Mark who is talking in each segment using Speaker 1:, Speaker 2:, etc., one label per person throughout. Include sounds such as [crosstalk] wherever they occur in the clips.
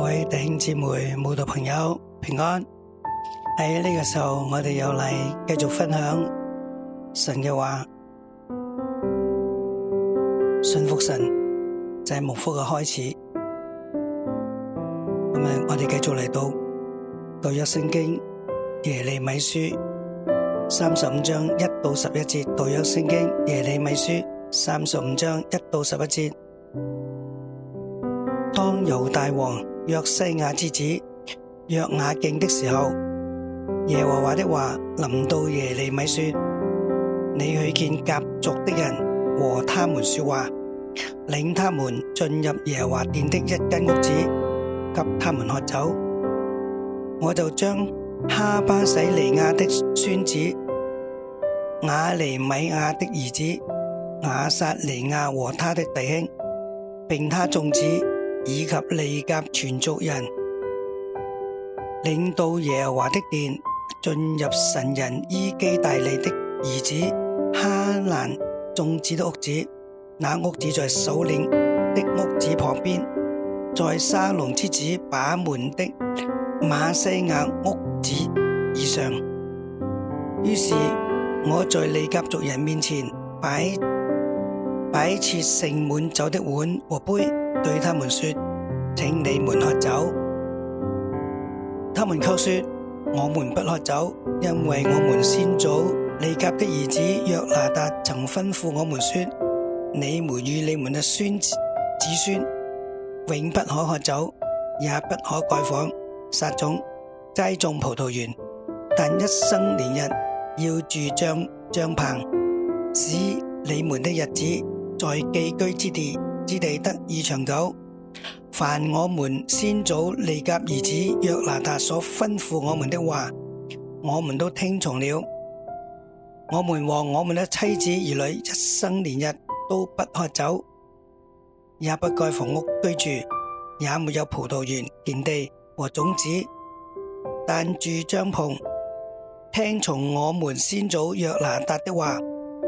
Speaker 1: 各位弟兄姊妹、慕道朋友平安！喺呢個時候，我哋又嚟繼續分享神嘅話，信服神就係蒙福嘅開始。咁啊，我哋繼續嚟讀舊《約聖經耶利米書》三十五章一到十一節。讀《舊約聖經耶利米書》三十五章一到十一節。當猶大王。約西亞之子約雅敬的時候，耶和華的話臨到耶利米說：你去見甲族的人，和他們說話，領他們進入耶和華殿的一間屋子，給他們喝酒。我就將哈巴洗利亞的孫子瓦尼米亞的兒子瓦撒尼亞和他的弟兄，並他眾子。以及利甲全族人領到耶和華的殿，進入神人伊基大利的兒子哈蘭眾子的屋子，那屋子在首領的屋子旁邊，在沙龍之子把門的馬西亞屋子以上。於是我在利甲族人面前擺擺設盛滿酒的碗和杯。對他們說，請你們喝酒。他們卻說：我們不喝酒，因為我們先祖利甲的兒子約拿達曾吩咐我們說：你們與你們的孫子，子孫永不可喝酒，也不可蓋房、撒種、栽種葡萄園，但一生年日要住帳帳棚，使你們的日子在寄居之地。之地得以長久。凡我們先祖利甲兒子約拿達所吩咐我們的話，我們都聽從了。我們和我們的妻子兒女一生連日都不喝酒，也不蓋房屋居住，也沒有葡萄園田地和種子。但住帳篷，聽從我們先祖約拿達的話，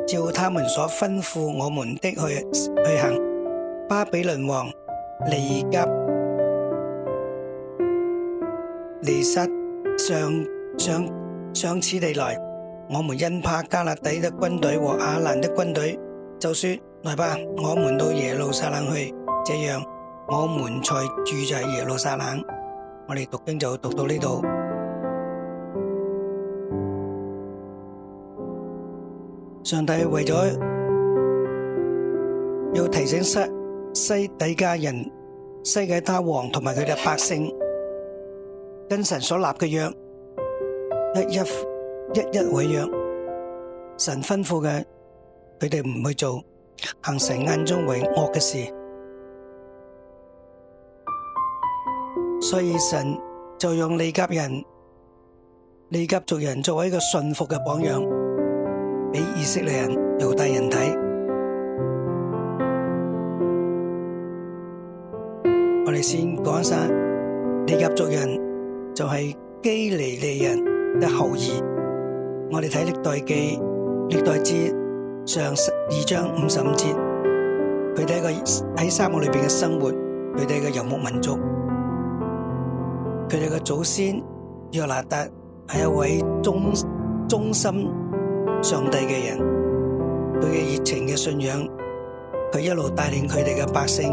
Speaker 1: 照他們所吩咐我們的去去行。 [music] [music] 巴比倫王尼布甲尼撒上上上此地來，我們因怕迦勒底的軍隊和亞蘭的軍隊，就說：來吧，我們到耶路撒冷去。這樣，我們才住在耶路撒冷。我哋讀經就讀到呢度。上帝為咗要提醒塞。西底家人、西底他王同埋佢哋嘅百姓，跟神所立嘅約，一一一一毀約，神吩咐嘅佢哋唔去做，行神眼中為惡嘅事，所以神就用利甲人、利甲族人作為一個順服嘅榜樣，俾以色列人、猶大人睇。先講晒，利甲族人就係基尼利人嘅後裔。我哋睇歷代記，歷代志上十二章五十五節，佢哋喺個喺沙漠裏邊嘅生活，佢哋嘅遊牧民族，佢哋嘅祖先約拿達係一位忠忠心上帝嘅人，佢嘅熱情嘅信仰，佢一路帶領佢哋嘅百姓。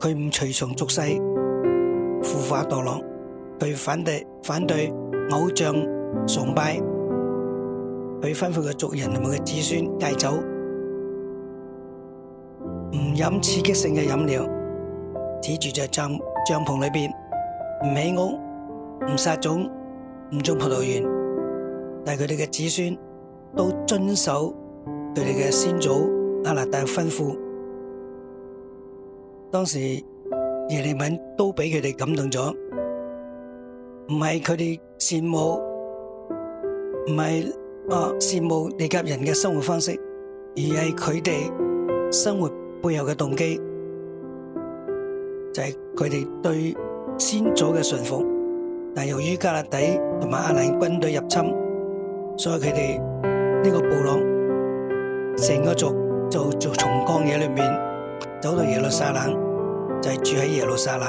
Speaker 1: 佢唔隨從俗世腐化墮落，佢反對反對偶像崇拜，佢吩咐個族人同佢子孫戒酒，唔飲刺激性嘅飲料，只住就喺帳帳篷裏邊唔起屋，唔撒種，唔種葡萄園，但係佢哋嘅子孫都遵守佢哋嘅先祖亞納大嘅吩咐。當時耶利米都俾佢哋感動咗，唔係佢哋羨慕，唔係啊羨慕利甲人嘅生活方式，而係佢哋生活背後嘅動機，就係佢哋對先祖嘅順服。但係由於迦勒底同埋阿蘭軍隊入侵，所以佢哋呢個部落成個族就就從曠野裏面。走到耶路撒冷，就住喺耶路撒冷，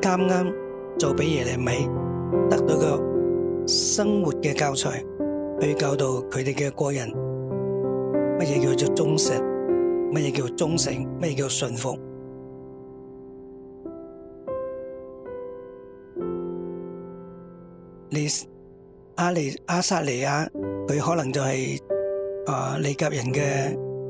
Speaker 1: 啱啱做俾耶利米得到個生活嘅教材，去教導佢哋嘅個人乜嘢叫做忠誠，乜嘢叫做忠誠，乜嘢叫做信服。呢阿利阿撒利亞佢可能就係誒利甲人嘅。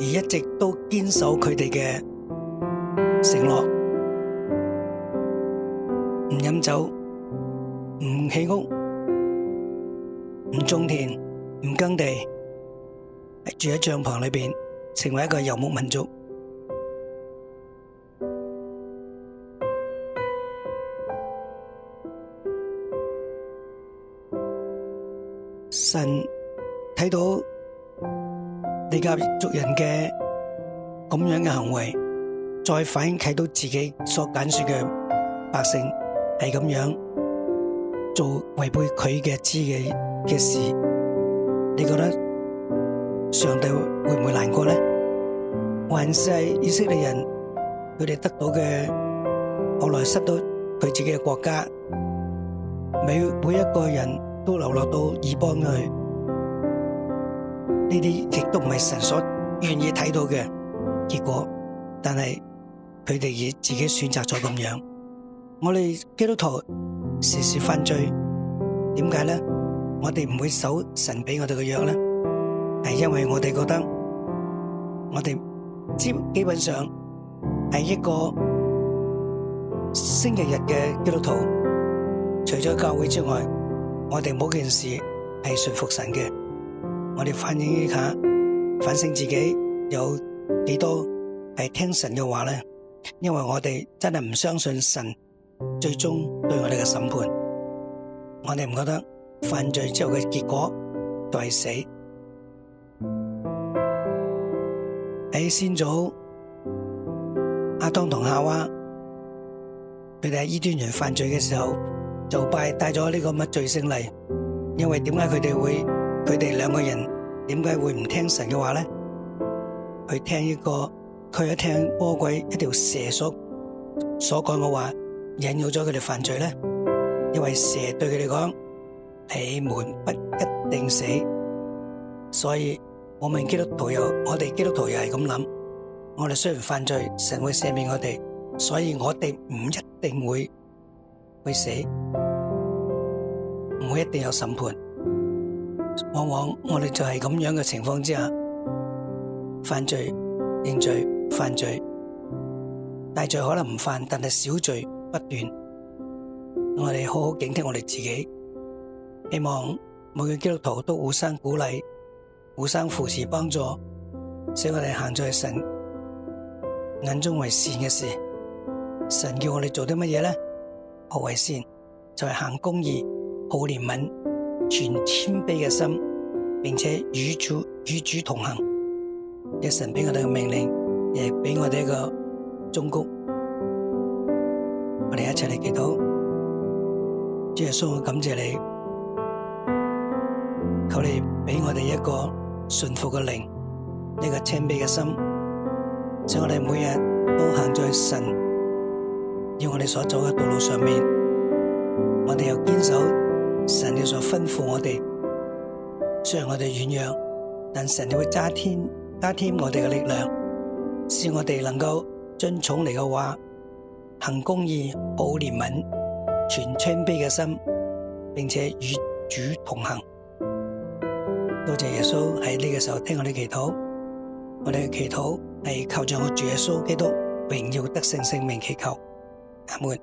Speaker 1: 而一直都堅守佢哋嘅承諾，唔飲酒，唔起屋，唔種田，唔耕地，住喺帳篷裏邊，成為一個遊牧民族。神睇到。你家族人嘅咁樣嘅行為，再反映睇到自己所揀選嘅百姓係咁樣做違背佢嘅知己嘅事，你覺得上帝會唔會難過呢？還是以色列人佢哋得到嘅，後來失到佢自己嘅國家，每每一個人都流落到以邦去。呢啲亦都唔係神所願意睇到嘅結果，但係佢哋已自己選擇咗咁樣。我哋基督徒時時犯罪，點解咧？我哋唔會守神俾我哋嘅約咧，係因為我哋覺得我哋基基本上係一個星期日嘅基督徒，除咗教會之外，我哋冇件事係信服神嘅。我哋反省一下，反省自己有幾多係聽神嘅話咧？因為我哋真係唔相信神最終對我哋嘅審判，我哋唔覺得犯罪之後嘅結果就係死。喺先祖，阿當同夏娃佢哋喺伊甸園犯罪嘅時候，就拜帶咗呢個乜罪性嚟？因為點解佢哋會佢哋兩個人？點解會唔聽神嘅話咧？去聽呢個，佢一聽魔鬼一條蛇所所講嘅話，引誘咗佢哋犯罪咧。因為蛇對佢哋講：你們不一定死。所以，我哋基督徒又，我哋基督徒又係咁諗：我哋雖然犯罪，神會赦免我哋，所以我哋唔一定會去死，唔會一定有審判。往往我哋就係咁樣嘅情況之下，犯罪認罪犯罪，大罪可能唔犯，但係小罪不斷。我哋好好警惕我哋自己，希望每個基督徒都互相鼓勵、互相扶持、幫助，使我哋行咗在神眼中為善嘅事。神叫我哋做啲乜嘢呢？何為善？就係、是、行公義、好憐憫。全謙卑嘅心，並且與主與主同行，嘅神俾我哋嘅命令，亦俾我哋一個忠告，我哋一齊嚟祈禱。主耶穌，我感謝你，求你俾我哋一個順服嘅靈，一個謙卑嘅心，使我哋每日都行在神要我哋所走嘅道路上面，我哋要堅守。神就所吩咐我哋，雖然我哋軟弱，但神就會加添加添我哋嘅力量，使我哋能夠遵從你嘅話，行公義、保憐憫、存謙卑嘅心，並且與主同行。多謝耶穌喺呢個時候聽我哋祈禱，我哋嘅祈禱係靠着我主耶穌基督，榮耀得勝聖,聖名祈求。阿門。